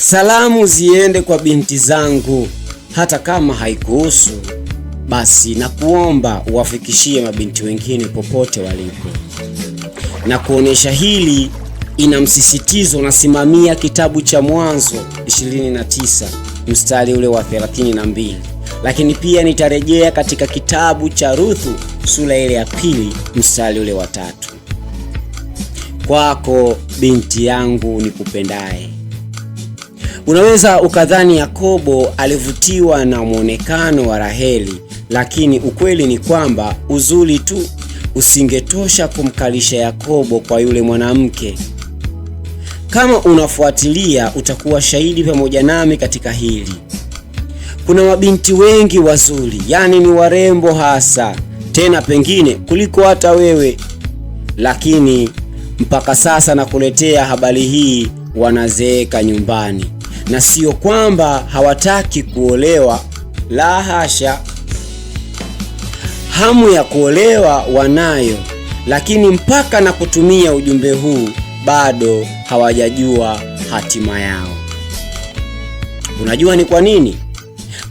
Salamu ziende kwa binti zangu, hata kama haikuhusu basi, na kuomba uwafikishie mabinti wengine popote walipo, na kuonesha hili ina msisitizo. Nasimamia kitabu cha Mwanzo 29 mstari ule wa 32, lakini pia nitarejea katika kitabu cha Ruthu sura ile ya pili mstari ule wa tatu. Kwako binti yangu nikupendaye. Unaweza ukadhani Yakobo alivutiwa na mwonekano wa Raheli, lakini ukweli ni kwamba uzuri tu usingetosha kumkalisha Yakobo kwa yule mwanamke. Kama unafuatilia, utakuwa shahidi pamoja nami katika hili. Kuna mabinti wengi wazuri, yaani ni warembo hasa, tena pengine kuliko hata wewe, lakini mpaka sasa nakuletea habari hii, wanazeeka nyumbani na sio kwamba hawataki kuolewa, la hasha. Hamu ya kuolewa wanayo, lakini mpaka na kutumia ujumbe huu bado hawajajua hatima yao. Unajua ni kwa nini?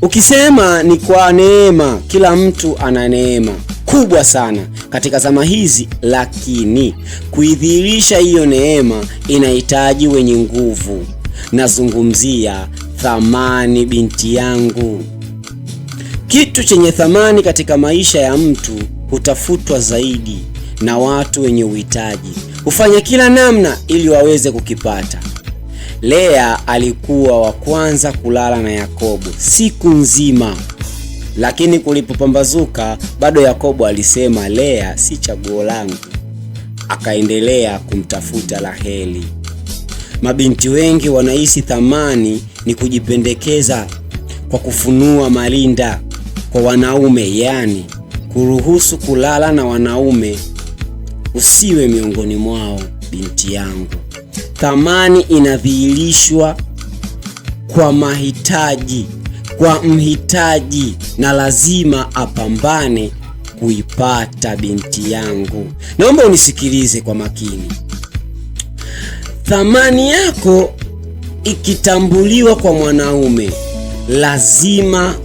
Ukisema ni kwa neema, kila mtu ana neema kubwa sana katika zama hizi, lakini kuidhihirisha hiyo neema inahitaji wenye nguvu nazungumzia thamani, binti yangu. Kitu chenye thamani katika maisha ya mtu hutafutwa zaidi na watu wenye uhitaji, hufanya kila namna ili waweze kukipata. Lea alikuwa wa kwanza kulala na Yakobo siku nzima, lakini kulipopambazuka bado Yakobo alisema Lea si chaguo langu, akaendelea kumtafuta Raheli. Mabinti wengi wanahisi thamani ni kujipendekeza kwa kufunua marinda kwa wanaume, yaani kuruhusu kulala na wanaume. Usiwe miongoni mwao, binti yangu. Thamani inadhihirishwa kwa mahitaji, kwa mhitaji, na lazima apambane kuipata, binti yangu. Naomba unisikilize kwa makini. Thamani yako ikitambuliwa kwa mwanaume, lazima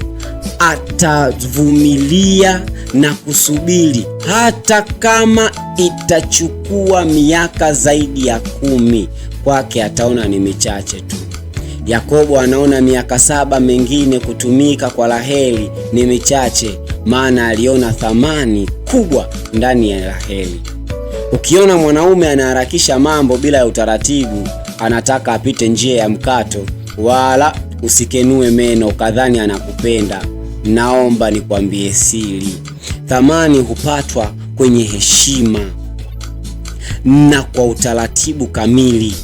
atavumilia na kusubiri hata kama itachukua miaka zaidi ya kumi. Kwake ataona ni michache tu. Yakobo anaona miaka saba mengine kutumika kwa Raheli ni michache, maana aliona thamani kubwa ndani ya Raheli. Ukiona mwanaume anaharakisha mambo bila ya utaratibu, anataka apite njia ya mkato, wala usikenue meno kadhani anakupenda. Naomba nikwambie siri, thamani hupatwa kwenye heshima na kwa utaratibu kamili.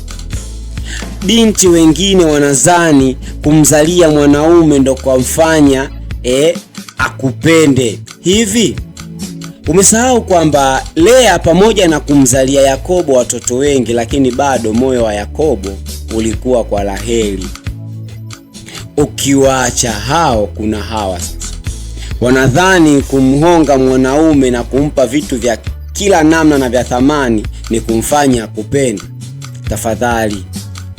Binti wengine wanazani kumzalia mwanaume ndo kwa mfanya eh, akupende hivi Umesahau kwamba Lea pamoja na kumzalia Yakobo watoto wengi, lakini bado moyo wa Yakobo ulikuwa kwa Raheli. Ukiwaacha hao, kuna hawa sasa wanadhani kumhonga mwanaume na kumpa vitu vya kila namna na vya thamani ni kumfanya kupenda Tafadhali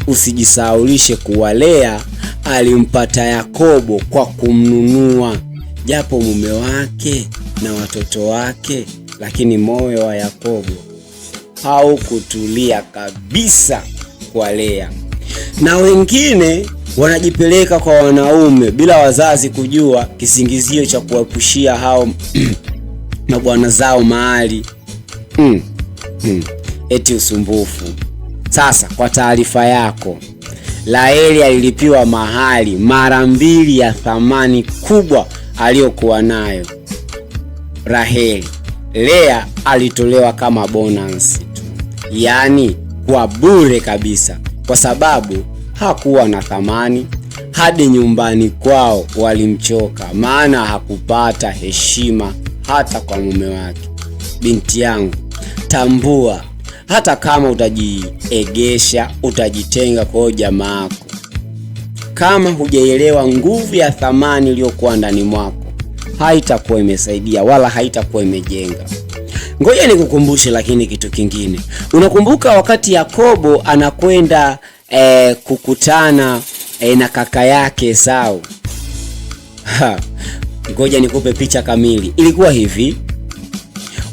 usijisaulishe kuwa Lea alimpata Yakobo kwa kumnunua japo mume wake na watoto wake, lakini moyo wa Yakobo haukutulia kabisa kwa Lea. Na wengine wanajipeleka kwa wanaume bila wazazi kujua, kisingizio cha kuwapushia hao na bwana zao mahali mm. mm. eti usumbufu. Sasa kwa taarifa yako, laeli alilipiwa mahali mara mbili ya thamani kubwa aliyokuwa nayo Raheli. Lea alitolewa kama bonus tu, yaani kwa bure kabisa, kwa sababu hakuwa na thamani. Hadi nyumbani kwao walimchoka, maana hakupata heshima hata kwa mume wake. Binti yangu, tambua, hata kama utajiegesha utajitenga kwa jamaa kama hujaelewa nguvu ya thamani iliyokuwa ndani mwako, haitakuwa imesaidia wala haitakuwa imejenga. Ngoja nikukumbushe lakini kitu kingine. Unakumbuka wakati Yakobo anakwenda eh, kukutana eh, na kaka yake sau Ngoja nikupe picha kamili. Ilikuwa hivi,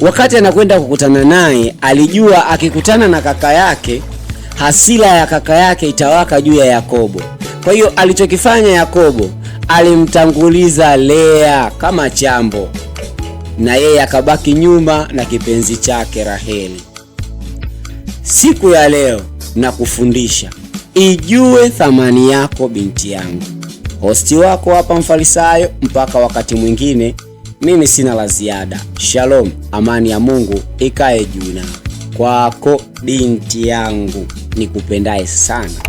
wakati anakwenda kukutana naye, alijua akikutana na kaka yake hasira ya kaka yake itawaka juu ya Yakobo. Kwa hiyo alichokifanya Yakobo, alimtanguliza Lea kama chambo, na yeye akabaki nyuma na kipenzi chake Raheli. Siku ya leo na kufundisha ijue thamani yako, binti yangu. Hosti wako hapa Mfarisayo. Mpaka wakati mwingine, mimi sina la ziada. Shalom, amani ya Mungu ikae juu na Kwako binti yangu nikupendaye sana.